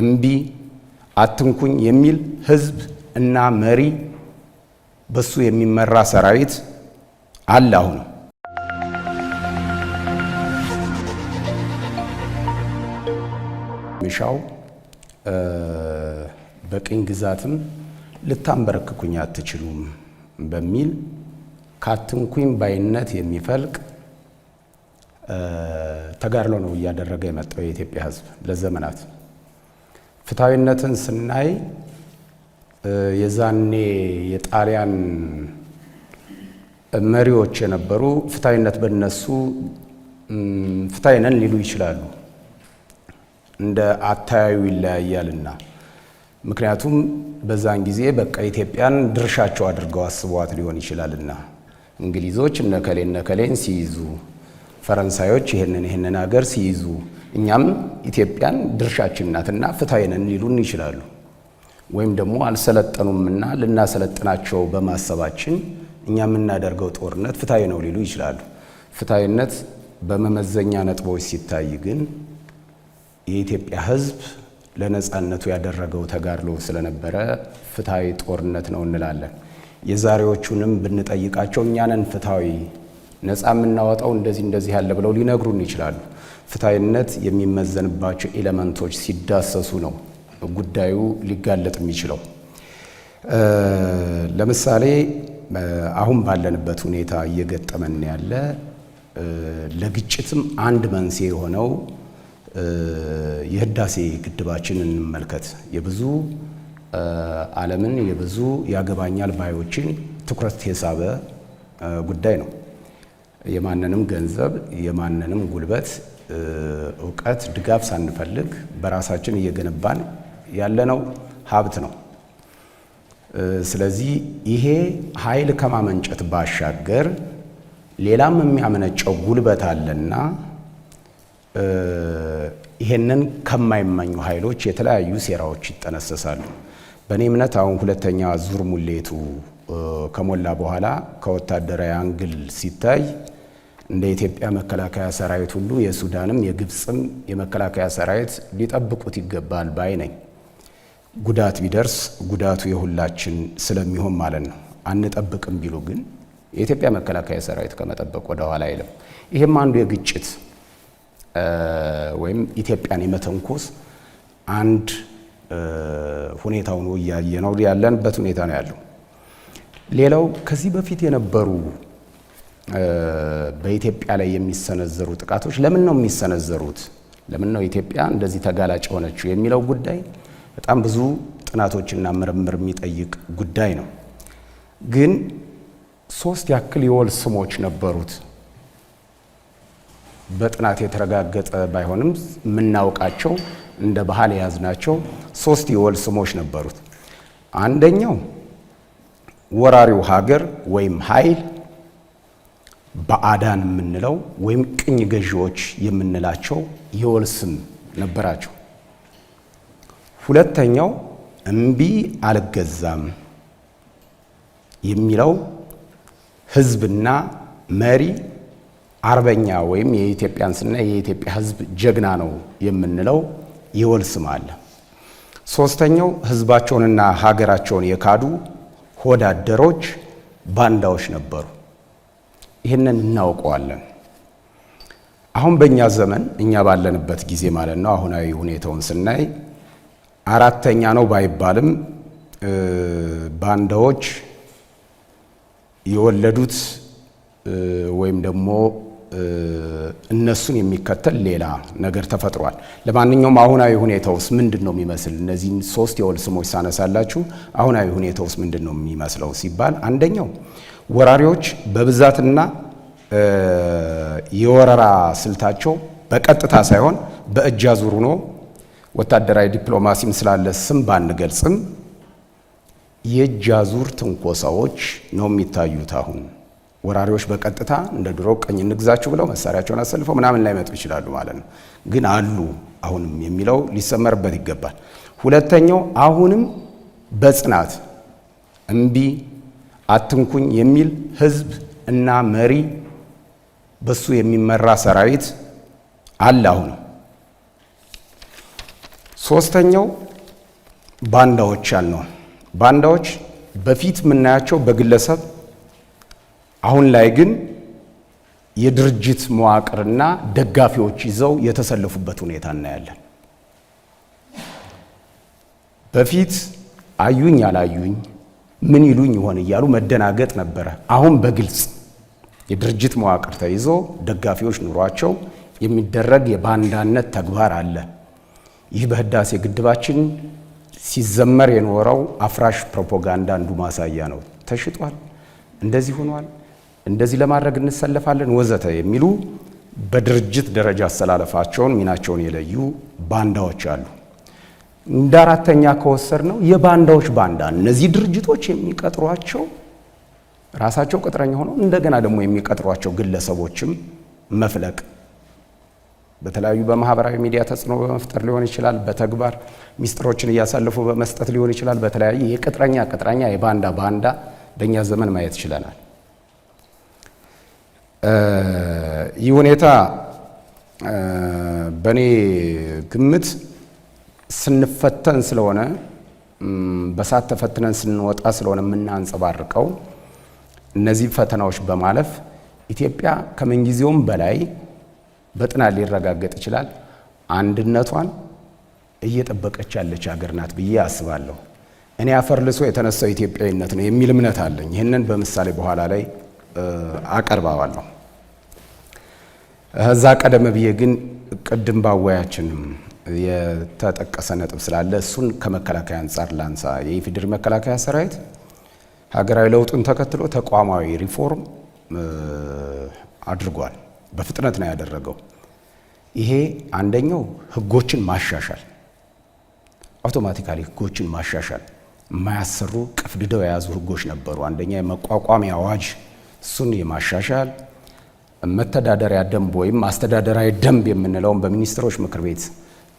እምቢ አትንኩኝ የሚል ህዝብ እና መሪ በሱ የሚመራ ሰራዊት አለ አሁን ሚሻው በቅኝ ግዛትም ልታንበረክኩኝ አትችሉም በሚል ካትንኩኝ ባይነት የሚፈልቅ ተጋድሎ ነው እያደረገ የመጣው የኢትዮጵያ ህዝብ ለዘመናት። ፍትሐዊነትን ስናይ የዛኔ የጣሊያን መሪዎች የነበሩ ፍትሐዊነት በነሱ ፍትሐዊ ነን ሊሉ ይችላሉ፣ እንደ አታያዩ ይለያያልና። ምክንያቱም በዛን ጊዜ በቃ ኢትዮጵያን ድርሻቸው አድርገው አስበዋት ሊሆን ይችላልና እንግሊዞች እነከሌ እነከሌን ሲይዙ፣ ፈረንሳዮች ይህንን ይህንን ሀገር ሲይዙ እኛም ኢትዮጵያን ድርሻችን ናትና ፍትሐዊ ነን ሊሉን ይችላሉ። ወይም ደግሞ አልሰለጠኑምና ልናሰለጥናቸው በማሰባችን እኛ የምናደርገው ጦርነት ፍትሐዊ ነው ሊሉ ይችላሉ። ፍትሐዊነት በመመዘኛ ነጥቦች ሲታይ ግን የኢትዮጵያ ሕዝብ ለነፃነቱ ያደረገው ተጋድሎ ስለነበረ ፍትሐዊ ጦርነት ነው እንላለን። የዛሬዎቹንም ብንጠይቃቸው እኛንን ፍትሐዊ ነፃ የምናወጣው እንደዚህ እንደዚህ ያለ ብለው ሊነግሩን ይችላሉ። ፍትሐዊነት የሚመዘንባቸው ኤሌመንቶች ሲዳሰሱ ነው ጉዳዩ ሊጋለጥ የሚችለው። ለምሳሌ አሁን ባለንበት ሁኔታ እየገጠመን ያለ ለግጭትም አንድ መንስኤ የሆነው የህዳሴ ግድባችን እንመልከት። የብዙ ዓለምን የብዙ ያገባኛል ባዮችን ትኩረት የሳበ ጉዳይ ነው። የማንንም ገንዘብ የማንንም ጉልበት እውቀት፣ ድጋፍ ሳንፈልግ በራሳችን እየገነባን ያለነው ሀብት ነው። ስለዚህ ይሄ ኃይል ከማመንጨት ባሻገር ሌላም የሚያመነጨው ጉልበት አለና ይሄንን ከማይመኙ ኃይሎች የተለያዩ ሴራዎች ይጠነሰሳሉ። በእኔ እምነት አሁን ሁለተኛ ዙር ሙሌቱ ከሞላ በኋላ ከወታደራዊ አንግል ሲታይ እንደ ኢትዮጵያ መከላከያ ሰራዊት ሁሉ የሱዳንም የግብፅም የመከላከያ ሰራዊት ሊጠብቁት ይገባል ባይ ነኝ። ጉዳት ቢደርስ ጉዳቱ የሁላችን ስለሚሆን ማለት ነው። አንጠብቅም ቢሉ ግን የኢትዮጵያ መከላከያ ሰራዊት ከመጠበቅ ወደኋላ ኋላ አይልም። ይህም አንዱ የግጭት ወይም ኢትዮጵያን የመተንኮስ አንድ ሁኔታውን እያየ ነው ያለንበት ሁኔታ ነው ያለው። ሌላው ከዚህ በፊት የነበሩ በኢትዮጵያ ላይ የሚሰነዘሩ ጥቃቶች ለምን ነው የሚሰነዘሩት? ለምን ነው ኢትዮጵያ እንደዚህ ተጋላጭ የሆነችው የሚለው ጉዳይ በጣም ብዙ ጥናቶችና ምርምር የሚጠይቅ ጉዳይ ነው። ግን ሶስት ያክል የወል ስሞች ነበሩት በጥናት የተረጋገጠ ባይሆንም የምናውቃቸው እንደ ባህል የያዝናቸው ሶስት የወል ስሞች ነበሩት። አንደኛው ወራሪው ሀገር ወይም ኃይል በአዳን የምንለው ወይም ቅኝ ገዢዎች የምንላቸው የወል ስም ነበራቸው። ሁለተኛው እምቢ አልገዛም የሚለው ህዝብና መሪ አርበኛ ወይም የኢትዮጵያን ስና የኢትዮጵያ ህዝብ ጀግና ነው የምንለው የወል ስም አለ። ሶስተኛው ህዝባቸውንና ሀገራቸውን የካዱ ሆዳደሮች ባንዳዎች ነበሩ። ይህንን እናውቀዋለን። አሁን በእኛ ዘመን እኛ ባለንበት ጊዜ ማለት ነው አሁናዊ ሁኔታውን ስናይ አራተኛ ነው ባይባልም ባንዳዎች የወለዱት ወይም ደግሞ እነሱን የሚከተል ሌላ ነገር ተፈጥሯል። ለማንኛውም አሁናዊ ሁኔታ ውስጥ ምንድን ነው የሚመስል? እነዚህን ሶስት የወል ስሞች ሳነሳላችሁ አሁናዊ ሁኔታ ውስጥ ምንድን ነው የሚመስለው ሲባል አንደኛው ወራሪዎች በብዛትና የወረራ ስልታቸው በቀጥታ ሳይሆን በእጅ አዙር ሆኖ ወታደራዊ ዲፕሎማሲም ስላለ ስም ባንገልጽም የእጅ አዙር ትንኮሳዎች ነው የሚታዩት። አሁን ወራሪዎች በቀጥታ እንደ ድሮ ቀኝ እንግዛችሁ ብለው መሳሪያቸውን አሰልፈው ምናምን ላይመጡ ይችላሉ ማለት ነው። ግን አሉ አሁንም የሚለው ሊሰመርበት ይገባል። ሁለተኛው አሁንም በጽናት እምቢ አትንኩኝ የሚል ህዝብ እና መሪ በሱ የሚመራ ሰራዊት አለ። አሁን ሶስተኛው ባንዳዎች ያልነው ባንዳዎች በፊት የምናያቸው በግለሰብ አሁን ላይ ግን የድርጅት መዋቅርና ደጋፊዎች ይዘው የተሰለፉበት ሁኔታ እናያለን። በፊት አዩኝ አላዩኝ ምን ይሉኝ ይሆን እያሉ መደናገጥ ነበረ። አሁን በግልጽ የድርጅት መዋቅር ተይዞ ደጋፊዎች ኑሯቸው የሚደረግ የባንዳነት ተግባር አለ። ይህ በህዳሴ ግድባችን ሲዘመር የኖረው አፍራሽ ፕሮፓጋንዳ አንዱ ማሳያ ነው። ተሽጧል፣ እንደዚህ ሆኗል፣ እንደዚህ ለማድረግ እንሰለፋለን ወዘተ የሚሉ በድርጅት ደረጃ አሰላለፋቸውን ሚናቸውን የለዩ ባንዳዎች አሉ። እንደ አራተኛ ከወሰድ ነው የባንዳዎች ባንዳ። እነዚህ ድርጅቶች የሚቀጥሯቸው ራሳቸው ቅጥረኛ ሆነው እንደገና ደግሞ የሚቀጥሯቸው ግለሰቦችም መፍለቅ በተለያዩ በማህበራዊ ሚዲያ ተጽዕኖ በመፍጠር ሊሆን ይችላል። በተግባር ሚስጥሮችን እያሳለፉ በመስጠት ሊሆን ይችላል። በተለያዩ የቅጥረኛ ቅጥረኛ የባንዳ ባንዳ በእኛ ዘመን ማየት ይችለናል። ይህ ሁኔታ በእኔ ግምት ስንፈተን ስለሆነ በሳት ተፈትነን ስንወጣ ስለሆነ የምናንጸባርቀው እነዚህ ፈተናዎች በማለፍ ኢትዮጵያ ከምንጊዜውም በላይ በጥናት ሊረጋገጥ ይችላል አንድነቷን እየጠበቀች ያለች ሀገር ናት ብዬ አስባለሁ። እኔ አፈር ልሶ የተነሳው ኢትዮጵያዊነት ነው የሚል እምነት አለኝ። ይህንን በምሳሌ በኋላ ላይ አቀርባዋለሁ። እዛ ቀደም ብዬ ግን ቅድም ባወያችንም የተጠቀሰ ነጥብ ስላለ እሱን ከመከላከያ አንጻር ላንሳ። የኢፌዴሪ መከላከያ ሰራዊት ሀገራዊ ለውጡን ተከትሎ ተቋማዊ ሪፎርም አድርጓል። በፍጥነት ነው ያደረገው። ይሄ አንደኛው ህጎችን ማሻሻል፣ አውቶማቲካሊ ህጎችን ማሻሻል። የማያሰሩ ቀፍድደው የያዙ ህጎች ነበሩ። አንደኛ የመቋቋሚያ አዋጅ፣ እሱን የማሻሻል መተዳደሪያ ደንብ ወይም አስተዳደራዊ ደንብ የምንለውን በሚኒስትሮች ምክር ቤት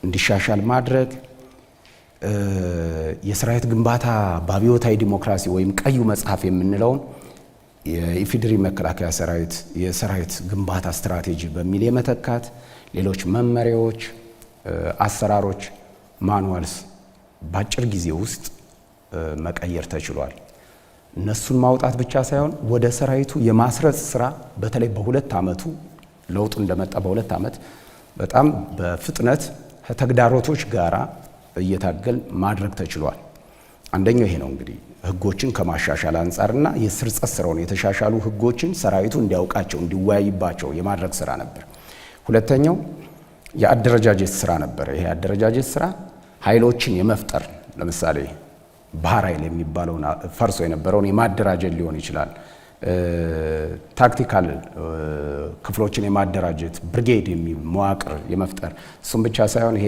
እንዲሻሻል ማድረግ የሰራዊት ግንባታ በአብዮታዊ ዲሞክራሲ ወይም ቀዩ መጽሐፍ የምንለውን የኢፌዴሪ መከላከያ ሰራዊት የሰራዊት ግንባታ ስትራቴጂ በሚል የመተካት ሌሎች መመሪያዎች፣ አሰራሮች፣ ማኑዋልስ በአጭር ጊዜ ውስጥ መቀየር ተችሏል። እነሱን ማውጣት ብቻ ሳይሆን ወደ ሰራዊቱ የማስረጽ ስራ በተለይ በሁለት ዓመቱ ለውጡ እንደመጣ በሁለት ዓመት በጣም በፍጥነት ከተግዳሮቶች ጋራ እየታገል ማድረግ ተችሏል። አንደኛው ይሄ ነው እንግዲህ ህጎችን ከማሻሻል አንጻርና የስርጸት ስራውን የተሻሻሉ ህጎችን ሰራዊቱ እንዲያውቃቸው እንዲወያይባቸው የማድረግ ስራ ነበር። ሁለተኛው የአደረጃጀት ስራ ነበር። ይሄ የአደረጃጀት ስራ ኃይሎችን የመፍጠር ለምሳሌ ባህር ኃይል የሚባለውን ፈርሶ የነበረውን የማደራጀት ሊሆን ይችላል። ታክቲካል ክፍሎችን የማደራጀት ብርጌድ የሚል መዋቅር የመፍጠር እሱም ብቻ ሳይሆን ይሄ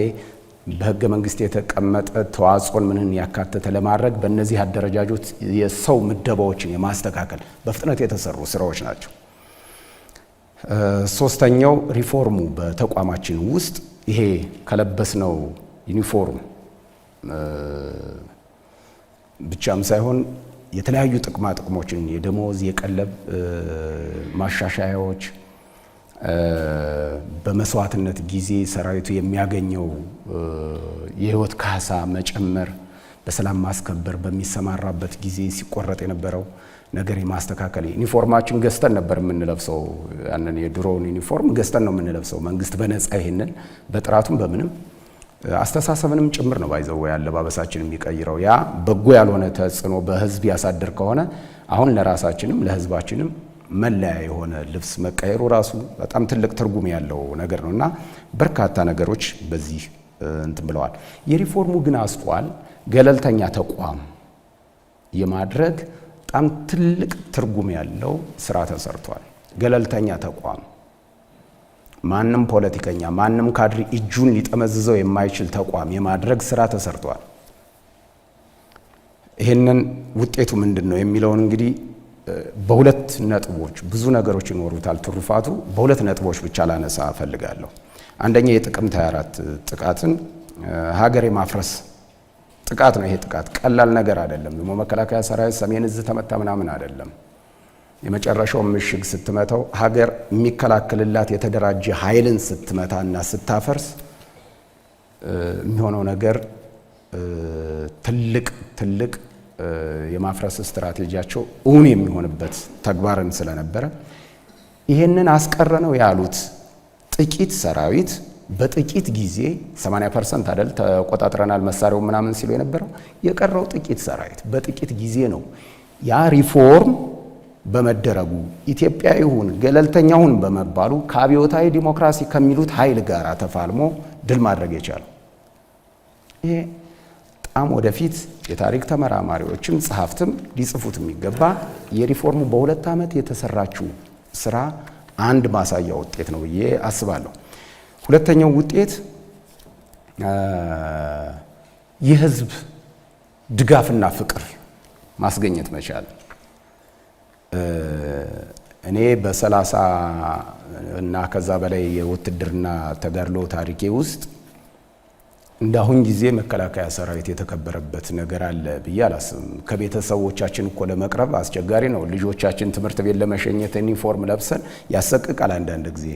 በህገ መንግስት የተቀመጠ ተዋጽኦን ምንን ያካተተ ለማድረግ በእነዚህ አደረጃጆች የሰው ምደባዎችን የማስተካከል በፍጥነት የተሰሩ ስራዎች ናቸው። ሶስተኛው ሪፎርሙ በተቋማችን ውስጥ ይሄ ከለበስነው ዩኒፎርም ብቻም ሳይሆን የተለያዩ ጥቅማ ጥቅሞችን የደሞዝ የቀለብ ማሻሻያዎች በመስዋዕትነት ጊዜ ሰራዊቱ የሚያገኘው የህይወት ካሳ መጨመር፣ በሰላም ማስከበር በሚሰማራበት ጊዜ ሲቆረጥ የነበረው ነገር የማስተካከል ዩኒፎርማችን ገዝተን ነበር የምንለብሰው። ያንን የድሮውን ዩኒፎርም ገዝተን ነው የምንለብሰው። መንግስት በነፃ ይህንን በጥራቱም በምንም አስተሳሰብንም ጭምር ነው ባይዘው አለባበሳችን የሚቀይረው። ያ በጎ ያልሆነ ተጽዕኖ በህዝብ ያሳድር ከሆነ አሁን ለራሳችንም ለህዝባችንም መለያ የሆነ ልብስ መቀየሩ ራሱ በጣም ትልቅ ትርጉም ያለው ነገር ነው እና በርካታ ነገሮች በዚህ እንትን ብለዋል። የሪፎርሙ ግን አስኳል ገለልተኛ ተቋም የማድረግ በጣም ትልቅ ትርጉም ያለው ስራ ተሰርቷል። ገለልተኛ ተቋም ማንም ፖለቲከኛ ማንም ካድሪ እጁን ሊጠመዝዘው የማይችል ተቋም የማድረግ ስራ ተሰርቷል። ይህንን ውጤቱ ምንድን ነው የሚለውን እንግዲህ በሁለት ነጥቦች ብዙ ነገሮች ይኖሩታል ትሩፋቱ። በሁለት ነጥቦች ብቻ ላነሳ እፈልጋለሁ። አንደኛ የጥቅምት 24 ጥቃትን ሀገር የማፍረስ ጥቃት ነው። ይሄ ጥቃት ቀላል ነገር አይደለም። ደግሞ መከላከያ ሰራዊት ሰሜን እዝ ተመታ ምናምን አይደለም። የመጨረሻውን ምሽግ ስትመታው ሀገር የሚከላከልላት የተደራጀ ኃይልን ስትመታና ስታፈርስ የሚሆነው ነገር ትልቅ ትልቅ የማፍረስ ስትራቴጂያቸው እውን የሚሆንበት ተግባርን ስለነበረ ይህንን አስቀረ ነው ያሉት። ጥቂት ሰራዊት በጥቂት ጊዜ 80 ፐርሰንት አደል ተቆጣጥረናል መሳሪያው ምናምን ሲሉ የነበረው የቀረው ጥቂት ሰራዊት በጥቂት ጊዜ ነው ያ ሪፎርም በመደረጉ ኢትዮጵያ ይሁን ገለልተኛ ሁን በመባሉ ከአብዮታዊ ዲሞክራሲ ከሚሉት ኃይል ጋር ተፋልሞ ድል ማድረግ የቻለው ይሄ በጣም ወደፊት የታሪክ ተመራማሪዎችም ጸሐፍትም ሊጽፉት የሚገባ የሪፎርሙ በሁለት ዓመት የተሰራችው ስራ አንድ ማሳያ ውጤት ነው ብዬ አስባለሁ። ሁለተኛው ውጤት የህዝብ ድጋፍና ፍቅር ማስገኘት መቻል እኔ በሰላሳ እና ከዛ በላይ የውትድርና ተጋድሎ ታሪኬ ውስጥ እንዳሁን ጊዜ መከላከያ ሰራዊት የተከበረበት ነገር አለ ብዬ አላስብም። ከቤተሰቦቻችን እኮ ለመቅረብ አስቸጋሪ ነው። ልጆቻችን ትምህርት ቤት ለመሸኘት ዩኒፎርም ለብሰን ያሰቅቃል። አንዳንድ ጊዜ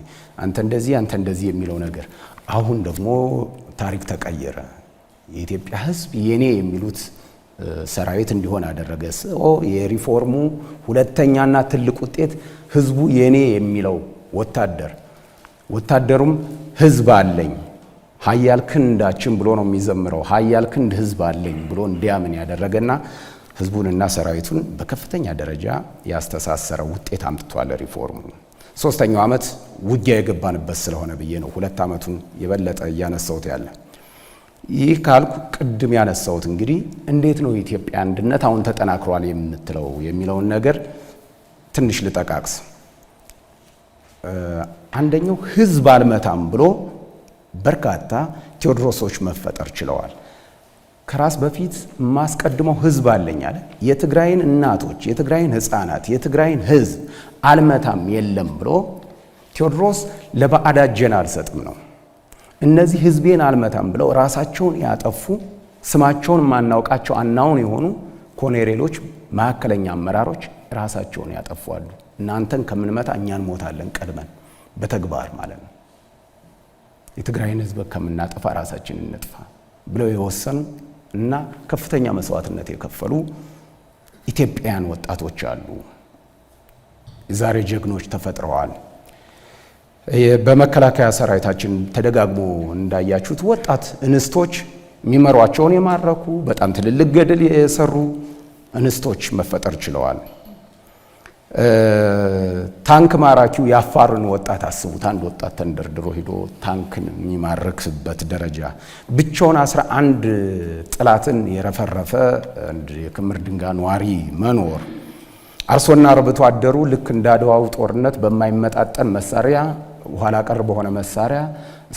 አንተ እንደዚህ አንተ እንደዚህ የሚለው ነገር። አሁን ደግሞ ታሪክ ተቀየረ። የኢትዮጵያ ሕዝብ የኔ የሚሉት ሰራዊት እንዲሆን አደረገ። የሪፎርሙ ሁለተኛና ትልቅ ውጤት ህዝቡ የኔ የሚለው ወታደር ወታደሩም ህዝብ አለኝ ሀያል ክንዳችን ብሎ ነው የሚዘምረው። ሀያል ክንድ ህዝብ አለኝ ብሎ እንዲያምን ያደረገና ህዝቡንና ሰራዊቱን በከፍተኛ ደረጃ ያስተሳሰረ ውጤት አምጥቷል ሪፎርሙ። ሶስተኛው ዓመት ውጊያ የገባንበት ስለሆነ ብዬ ነው ሁለት ዓመቱን የበለጠ እያነሳሁት ያለን። ይህ ካልኩ ቅድም ያነሳሁት እንግዲህ እንዴት ነው የኢትዮጵያ አንድነት አሁን ተጠናክሯል የምትለው የሚለውን ነገር ትንሽ ልጠቃቅስ። አንደኛው ህዝብ አልመታም ብሎ በርካታ ቴዎድሮሶች መፈጠር ችለዋል። ከራስ በፊት የማስቀድመው ህዝብ አለኝ አለ። የትግራይን እናቶች፣ የትግራይን ህፃናት፣ የትግራይን ህዝብ አልመታም የለም ብሎ ቴዎድሮስ ለባዕድ አልሰጥም ነው እነዚህ ህዝቤን አልመታም ብለው ራሳቸውን ያጠፉ ስማቸውን ማናውቃቸው አናውን የሆኑ ኮኔሬሎች ማዕከለኛ አመራሮች ራሳቸውን ያጠፏሉ። እናንተን ከምንመታ እኛን ሞታለን ቀድመን በተግባር ማለት ነው። የትግራይን ህዝብ ከምናጠፋ ራሳችን እንጥፋ ብለው የወሰኑ እና ከፍተኛ መስዋዕትነት የከፈሉ ኢትዮጵያውያን ወጣቶች አሉ። የዛሬ ጀግኖች ተፈጥረዋል። በመከላከያ ሰራዊታችን ተደጋግሞ እንዳያችሁት ወጣት እንስቶች የሚመሯቸውን የማረኩ በጣም ትልልቅ ገድል የሰሩ እንስቶች መፈጠር ችለዋል። ታንክ ማራኪው የአፋርን ወጣት አስቡት። አንድ ወጣት ተንደርድሮ ሂዶ ታንክን የሚማርክበት ደረጃ ብቻውን አስራ አንድ ጥላትን የረፈረፈ የክምር ድንጋይ ነዋሪ መኖር አርሶና አርብቶ አደሩ ልክ እንዳድዋው ጦርነት በማይመጣጠን መሳሪያ ኋላ ቀር በሆነ መሳሪያ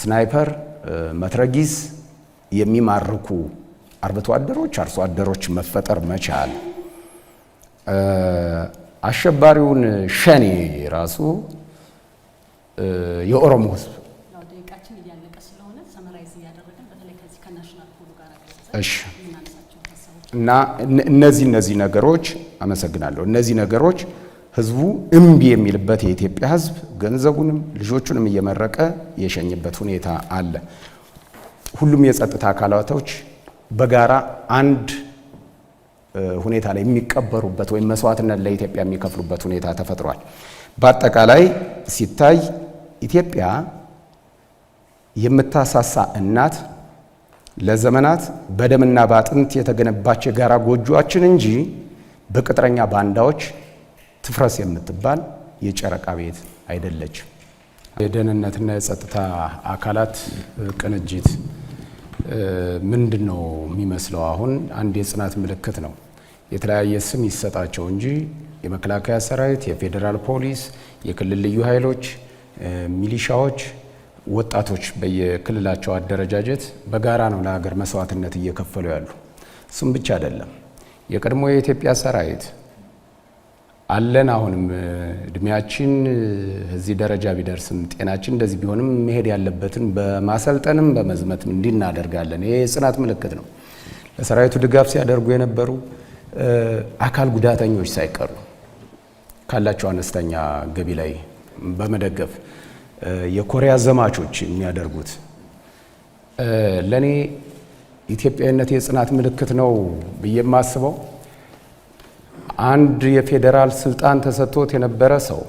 ስናይፐር፣ መትረጊስ የሚማርኩ አርብቶ አደሮች አርሶ አደሮች መፈጠር መቻል አሸባሪውን ሸኔ ራሱ የኦሮሞ ሕዝብ እና እነዚህ እነዚህ ነገሮች አመሰግናለሁ። እነዚህ ነገሮች ህዝቡ እምቢ የሚልበት የኢትዮጵያ ህዝብ ገንዘቡንም ልጆቹንም እየመረቀ የሸኝበት ሁኔታ አለ። ሁሉም የጸጥታ አካላቶች በጋራ አንድ ሁኔታ ላይ የሚቀበሩበት ወይም መስዋዕትነት ለኢትዮጵያ የሚከፍሉበት ሁኔታ ተፈጥሯል። በአጠቃላይ ሲታይ ኢትዮጵያ የምታሳሳ እናት ለዘመናት በደምና በአጥንት የተገነባች የጋራ ጎጆአችን እንጂ በቅጥረኛ ባንዳዎች ትፍረስ የምትባል የጨረቃ ቤት አይደለችም። የደህንነትና የጸጥታ አካላት ቅንጅት ምንድን ነው የሚመስለው? አሁን አንድ የጽናት ምልክት ነው። የተለያየ ስም ይሰጣቸው እንጂ የመከላከያ ሰራዊት፣ የፌዴራል ፖሊስ፣ የክልል ልዩ ኃይሎች፣ ሚሊሻዎች፣ ወጣቶች በየክልላቸው አደረጃጀት በጋራ ነው ለሀገር መስዋዕትነት እየከፈሉ ያሉ። እሱም ብቻ አይደለም። የቀድሞ የኢትዮጵያ ሰራዊት አለን። አሁንም እድሜያችን እዚህ ደረጃ ቢደርስም ጤናችን እንደዚህ ቢሆንም መሄድ ያለበትን በማሰልጠንም በመዝመትም እንዲህ እናደርጋለን። ይሄ የጽናት ምልክት ነው። ለሰራዊቱ ድጋፍ ሲያደርጉ የነበሩ አካል ጉዳተኞች ሳይቀሩ ካላቸው አነስተኛ ገቢ ላይ በመደገፍ የኮሪያ ዘማቾች የሚያደርጉት ለእኔ ኢትዮጵያዊነት የጽናት ምልክት ነው ብዬ የማስበው አንድ የፌዴራል ስልጣን ተሰጥቶት የነበረ ሰው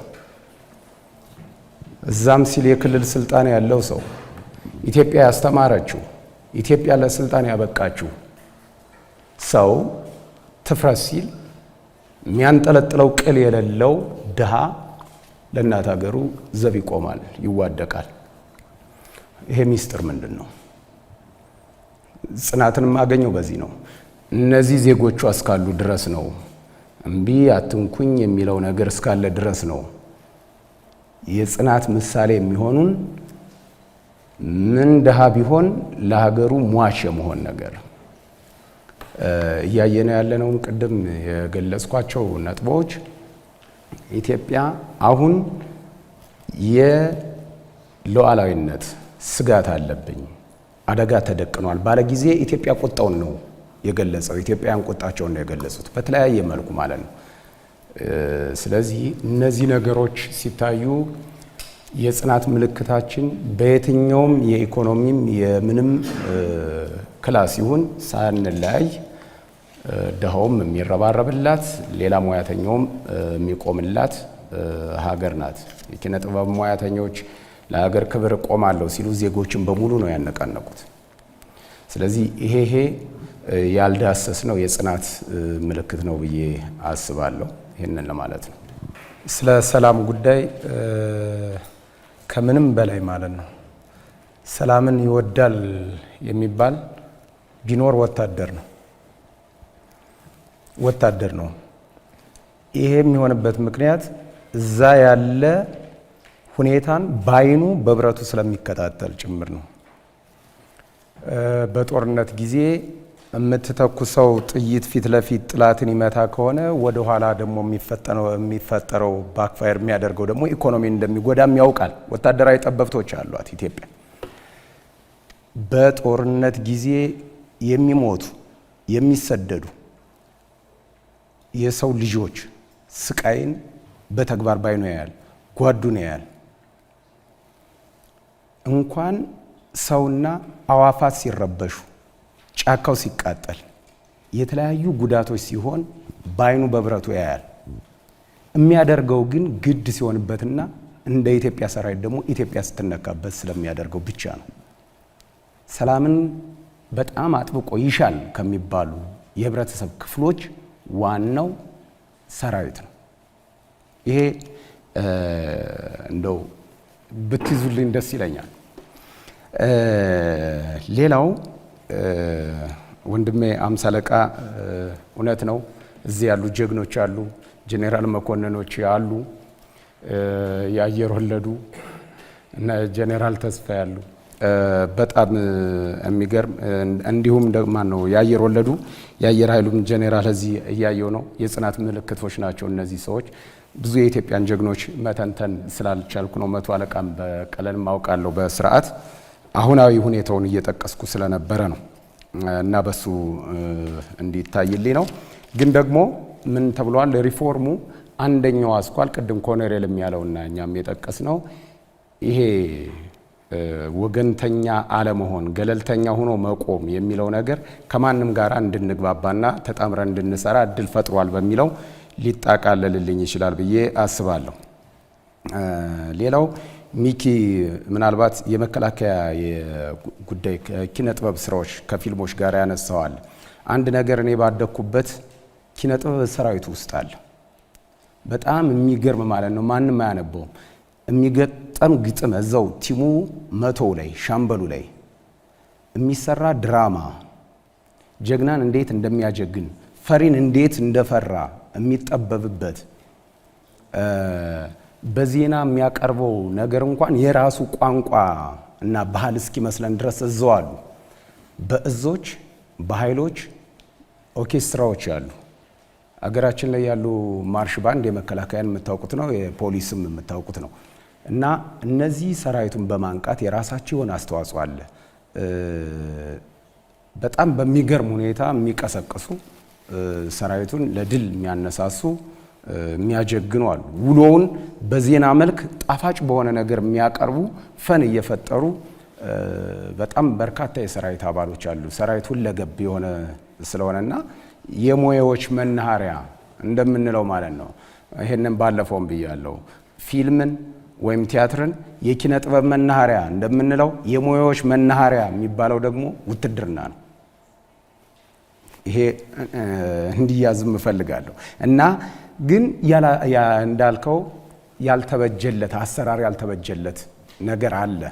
እዛም ሲል የክልል ስልጣን ያለው ሰው ኢትዮጵያ ያስተማረችው ኢትዮጵያ ለስልጣን ያበቃችው ሰው ትፍረስ ሲል የሚያንጠለጥለው ቅል የሌለው ድሃ ለእናት ሀገሩ ዘብ ይቆማል፣ ይዋደቃል። ይሄ ሚስጥር ምንድን ነው? ጽናትን ማገኘው በዚህ ነው። እነዚህ ዜጎቹ እስካሉ ድረስ ነው። እምቢ አትንኩኝ የሚለው ነገር እስካለ ድረስ ነው የጽናት ምሳሌ የሚሆኑን ምን ድሃ ቢሆን ለሀገሩ ሟች የመሆን ነገር እያየነው ያለነውን ቅድም የገለጽኳቸው ነጥቦች ኢትዮጵያ አሁን የሉዓላዊነት ስጋት አለብኝ፣ አደጋ ተደቅኗል ባለ ጊዜ ኢትዮጵያ ቁጣውን ነው የገለጸው ኢትዮጵያውያን ቁጣቸውን ነው የገለጹት በተለያየ መልኩ ማለት ነው። ስለዚህ እነዚህ ነገሮች ሲታዩ የጽናት ምልክታችን በየትኛውም የኢኮኖሚም የምንም ክላስ ይሁን ሳንለያይ ድሃውም የሚረባረብላት ሌላ ሙያተኛውም የሚቆምላት ሀገር ናት። የኪነ ጥበብ ሙያተኞች ለሀገር ክብር እቆማለሁ ሲሉ ዜጎችን በሙሉ ነው ያነቃነቁት። ስለዚህ ይሄ ያልዳሰስ ነው የጽናት ምልክት ነው ብዬ አስባለሁ። ይህንን ለማለት ነው። ስለ ሰላም ጉዳይ ከምንም በላይ ማለት ነው ሰላምን ይወዳል የሚባል ቢኖር ወታደር ነው ወታደር ነው። ይሄ የሚሆንበት ምክንያት እዛ ያለ ሁኔታን በአይኑ በብረቱ ስለሚከታተል ጭምር ነው። በጦርነት ጊዜ የምትተኩሰው ጥይት ፊት ለፊት ጥላትን ይመታ ከሆነ ወደ ኋላ ደግሞ የሚፈጠረው ባክፋየር የሚያደርገው ደግሞ ኢኮኖሚን እንደሚጎዳም ያውቃል። ወታደራዊ ጠበብቶች አሏት ኢትዮጵያ። በጦርነት ጊዜ የሚሞቱ የሚሰደዱ የሰው ልጆች ስቃይን በተግባር ባይኑ ያያል፣ ጓዱን ያያል። እንኳን ሰውና አዋፋት ሲረበሹ ጫካው ሲቃጠል የተለያዩ ጉዳቶች ሲሆን በአይኑ በብረቱ ያያል። የሚያደርገው ግን ግድ ሲሆንበትና እንደ ኢትዮጵያ ሰራዊት ደግሞ ኢትዮጵያ ስትነካበት ስለሚያደርገው ብቻ ነው። ሰላምን በጣም አጥብቆ ይሻል ከሚባሉ የህብረተሰብ ክፍሎች ዋናው ሰራዊት ነው። ይሄ እንደው ብትይዙልኝ ደስ ይለኛል። ሌላው ወንድሜ አምሳለቃ አለቃ እውነት ነው። እዚህ ያሉ ጀግኖች አሉ፣ ጄኔራል መኮንኖች አሉ፣ የአየር ወለዱ እነ ጄኔራል ተስፋ ያሉ በጣም የሚገርም እንዲሁም ደግማ ነው የአየር ወለዱ የአየር ኃይሉም ጄኔራል እዚህ እያየው ነው። የጽናት ምልክቶች ናቸው እነዚህ ሰዎች። ብዙ የኢትዮጵያን ጀግኖች መተንተን ስላልቻልኩ ነው። መቶ አለቃም በቀለን ማውቃለሁ በስርዓት አሁናዊ ሁኔታውን እየጠቀስኩ ስለነበረ ነው እና በሱ እንዲታይልኝ ነው። ግን ደግሞ ምን ተብሏል? ሪፎርሙ አንደኛው አስኳል ቅድም ኮሎኔል የሚያለውና እኛም የጠቀስ ነው ይሄ ወገንተኛ አለመሆን ገለልተኛ ሆኖ መቆም የሚለው ነገር ከማንም ጋር እንድንግባባና ተጣምረን እንድንሰራ እድል ፈጥሯል በሚለው ሊጣቃለልልኝ ይችላል ብዬ አስባለሁ። ሌላው ሚኪ ምናልባት የመከላከያ ጉዳይ ኪነ ጥበብ ስራዎች ከፊልሞች ጋር ያነሳዋል። አንድ ነገር እኔ ባደግኩበት ኪነ ጥበብ ሰራዊት ውስጥ አለ። በጣም የሚገርም ማለት ነው። ማንም አያነበውም። የሚገጠም ግጥም እዛው ቲሙ መቶ ላይ ሻምበሉ ላይ የሚሰራ ድራማ ጀግናን እንዴት እንደሚያጀግን ፈሪን እንዴት እንደፈራ የሚጠበብበት በዜና የሚያቀርበው ነገር እንኳን የራሱ ቋንቋ እና ባህል እስኪመስለን ድረስ እዘው አሉ። በእዞች በኃይሎች ኦርኬስትራዎች ያሉ አገራችን ላይ ያሉ ማርሽ ባንድ የመከላከያን የምታውቁት ነው፣ የፖሊስም የምታውቁት ነው። እና እነዚህ ሰራዊቱን በማንቃት የራሳቸው የሆነ አስተዋጽኦ አለ። በጣም በሚገርም ሁኔታ የሚቀሰቅሱ ሰራዊቱን ለድል የሚያነሳሱ የሚያጀግኑ አሉ። ውሎውን በዜና መልክ ጣፋጭ በሆነ ነገር የሚያቀርቡ ፈን እየፈጠሩ በጣም በርካታ የሰራዊት አባሎች አሉ። ሰራዊት ሁለገብ የሆነ ስለሆነና የሙያዎች መናኸሪያ እንደምንለው ማለት ነው። ይሄንን ባለፈውም ብያለሁ። ፊልምን ወይም ቲያትርን የኪነ ጥበብ መናኸሪያ እንደምንለው የሙያዎች መናኸሪያ የሚባለው ደግሞ ውትድርና ነው። ይሄ እንዲያዝም እፈልጋለሁ እና ግን እንዳልከው ያልተበጀለት አሰራር ያልተበጀለት ነገር አለ።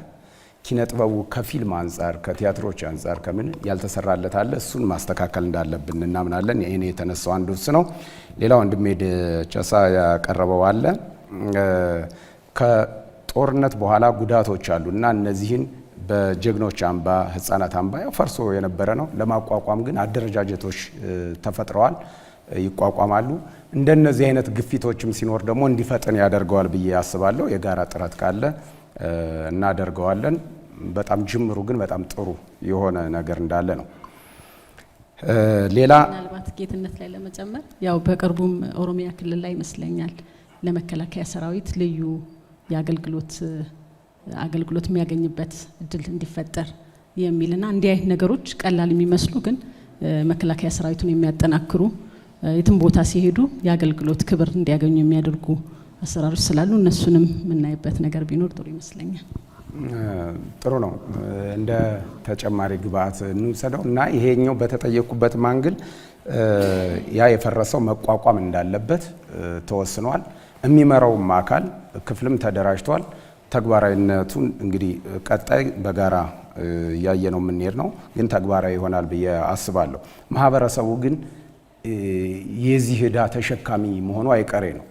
ኪነጥበቡ ከፊልም አንጻር ከቲያትሮች አንጻር ከምን ያልተሰራለት አለ። እሱን ማስተካከል እንዳለብን እናምናለን። ይህን የተነሳው አንዱ እሱ ነው። ሌላው ወንድሜድ ጨሳ ያቀረበው አለ። ከጦርነት በኋላ ጉዳቶች አሉ እና እነዚህን በጀግኖች አምባ፣ ህጻናት አምባ ያው ፈርሶ የነበረ ነው። ለማቋቋም ግን አደረጃጀቶች ተፈጥረዋል። ይቋቋማሉ። እንደነዚህ አይነት ግፊቶችም ሲኖር ደግሞ እንዲፈጥን ያደርገዋል ብዬ አስባለሁ። የጋራ ጥረት ካለ እናደርገዋለን። በጣም ጅምሩ ግን በጣም ጥሩ የሆነ ነገር እንዳለ ነው። ሌላ ምናልባት ጌትነት ላይ ለመጨመር ያው በቅርቡም ኦሮሚያ ክልል ላይ ይመስለኛል ለመከላከያ ሰራዊት ልዩ የአገልግሎት አገልግሎት የሚያገኝበት እድል እንዲፈጠር የሚልና እንዲህ አይነት ነገሮች ቀላል የሚመስሉ ግን መከላከያ ሰራዊቱን የሚያጠናክሩ የትም ቦታ ሲሄዱ የአገልግሎት ክብር እንዲያገኙ የሚያደርጉ አሰራሮች ስላሉ እነሱንም የምናይበት ነገር ቢኖር ጥሩ ይመስለኛል። ጥሩ ነው። እንደ ተጨማሪ ግብአት እንውሰደው እና ይሄኛው በተጠየቁበት ማንግል ያ የፈረሰው መቋቋም እንዳለበት ተወስኗል። የሚመራውም አካል ክፍልም ተደራጅቷል። ተግባራዊነቱን እንግዲህ ቀጣይ በጋራ እያየ ነው የምንሄድ ነው፣ ግን ተግባራዊ ይሆናል ብዬ አስባለሁ። ማህበረሰቡ ግን የዚህ ዕዳ ተሸካሚ መሆኑ አይቀሬ ነው።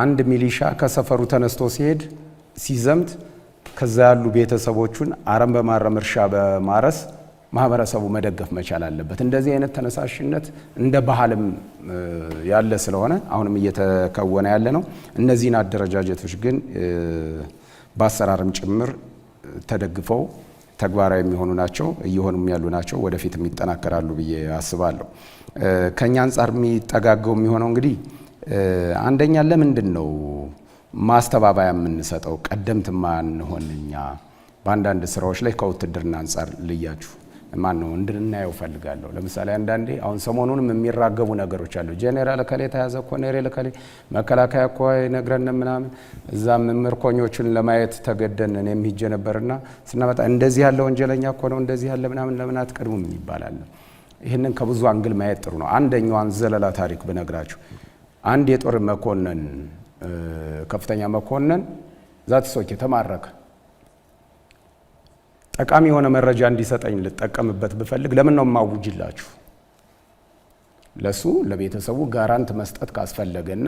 አንድ ሚሊሻ ከሰፈሩ ተነስቶ ሲሄድ ሲዘምት ከዛ ያሉ ቤተሰቦቹን አረም በማረም እርሻ በማረስ ማህበረሰቡ መደገፍ መቻል አለበት። እንደዚህ አይነት ተነሳሽነት እንደ ባህልም ያለ ስለሆነ አሁንም እየተከወነ ያለ ነው። እነዚህን አደረጃጀቶች ግን በአሰራርም ጭምር ተደግፈው ተግባራዊ የሚሆኑ ናቸው፣ እየሆኑም ያሉ ናቸው። ወደፊት የሚጠናከራሉ ብዬ አስባለሁ። ከኛ አንጻር የሚጠጋገው የሚሆነው እንግዲህ አንደኛ ለምንድን ነው ማስተባበያ የምንሰጠው? ቀደምት ማንሆን እኛ በአንዳንድ ስራዎች ላይ ከውትድርና አንጻር ልያችሁ ማን ነው እንድናየው ፈልጋለሁ። ለምሳሌ አንዳንዴ አሁን ሰሞኑንም የሚራገቡ ነገሮች አሉ። ጄኔራል እከሌ ተያዘ፣ ኮሎኔል ከሌ መከላከያ እኮ ይነግረን ምናምን፣ እዛም ምርኮኞችን ለማየት ተገደን እኔም ሂጄ ነበርና ስናመጣ እንደዚህ ያለ ወንጀለኛ እኮ ነው እንደዚህ ያለ ምናምን ለምን አትቀድሙም ይባላል። ይህንን ከብዙ አንግል ማየት ጥሩ ነው። አንደኛዋን ዘለላ ታሪክ ብነግራችሁ አንድ የጦር መኮንን ከፍተኛ መኮንን ዛት ሶኬ ተማረከ። ጠቃሚ የሆነ መረጃ እንዲሰጠኝ ልጠቀምበት ብፈልግ ለምን ነው የማውጅላችሁ? ለሱ ለቤተሰቡ ጋራንት መስጠት ካስፈለገና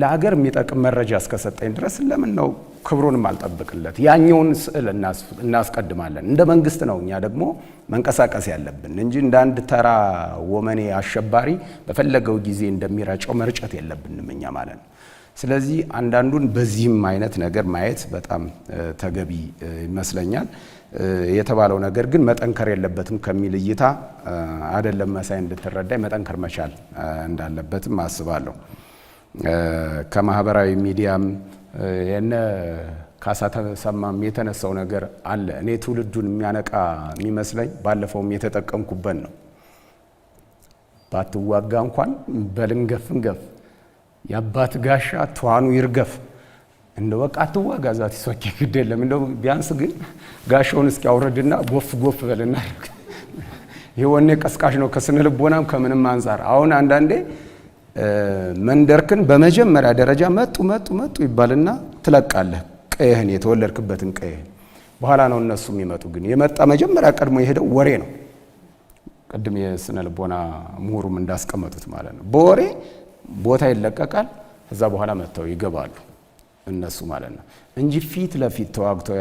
ለሀገር የሚጠቅም መረጃ እስከሰጠኝ ድረስ ለምን ነው ክብሩንም አልጠብቅለት? ያኛውን ስዕል እናስቀድማለን። እንደ መንግስት ነው እኛ ደግሞ መንቀሳቀስ ያለብን እንጂ እንደ አንድ ተራ ወመኔ አሸባሪ በፈለገው ጊዜ እንደሚረጨው መርጨት የለብንም እኛ ማለት ነው። ስለዚህ አንዳንዱን በዚህም አይነት ነገር ማየት በጣም ተገቢ ይመስለኛል። የተባለው ነገር ግን መጠንከር የለበትም ከሚል እይታ አይደለም መሳይ እንድትረዳኝ መጠንከር መቻል እንዳለበትም አስባለሁ። ከማህበራዊ ሚዲያም የነ ካሳ ተሰማም የተነሳው ነገር አለ። እኔ ትውልዱን የሚያነቃ የሚመስለኝ ባለፈውም የተጠቀምኩበት ነው። ባትዋጋ እንኳን በልንገፍንገፍ የአባት ጋሻ ተዋኑ ይርገፍ እንደ በቃ አትዋጋ ዛት ግድ የለም እንደ ቢያንስ ግን ጋሻውን እስኪ አውረድና ጎፍ ጎፍ በልና የወኔ ቀስቃሽ ነው ከስነ ልቦናም ከምንም አንጻር። አሁን አንዳንዴ መንደርክን በመጀመሪያ ደረጃ መጡ መጡ መጡ ይባልና ትለቃለህ ቀየህን የተወለድክበትን ቀየህን። በኋላ ነው እነሱ የሚመጡ። ግን የመጣ መጀመሪያ ቀድሞ የሄደው ወሬ ነው። ቅድም የስነ ልቦና ምሁሩም እንዳስቀመጡት ማለት ነው። በወሬ ቦታ ይለቀቃል። ከዛ በኋላ መጥተው ይገባሉ እነሱ ማለት ነው እንጂ ፊት ለፊት ተዋግተው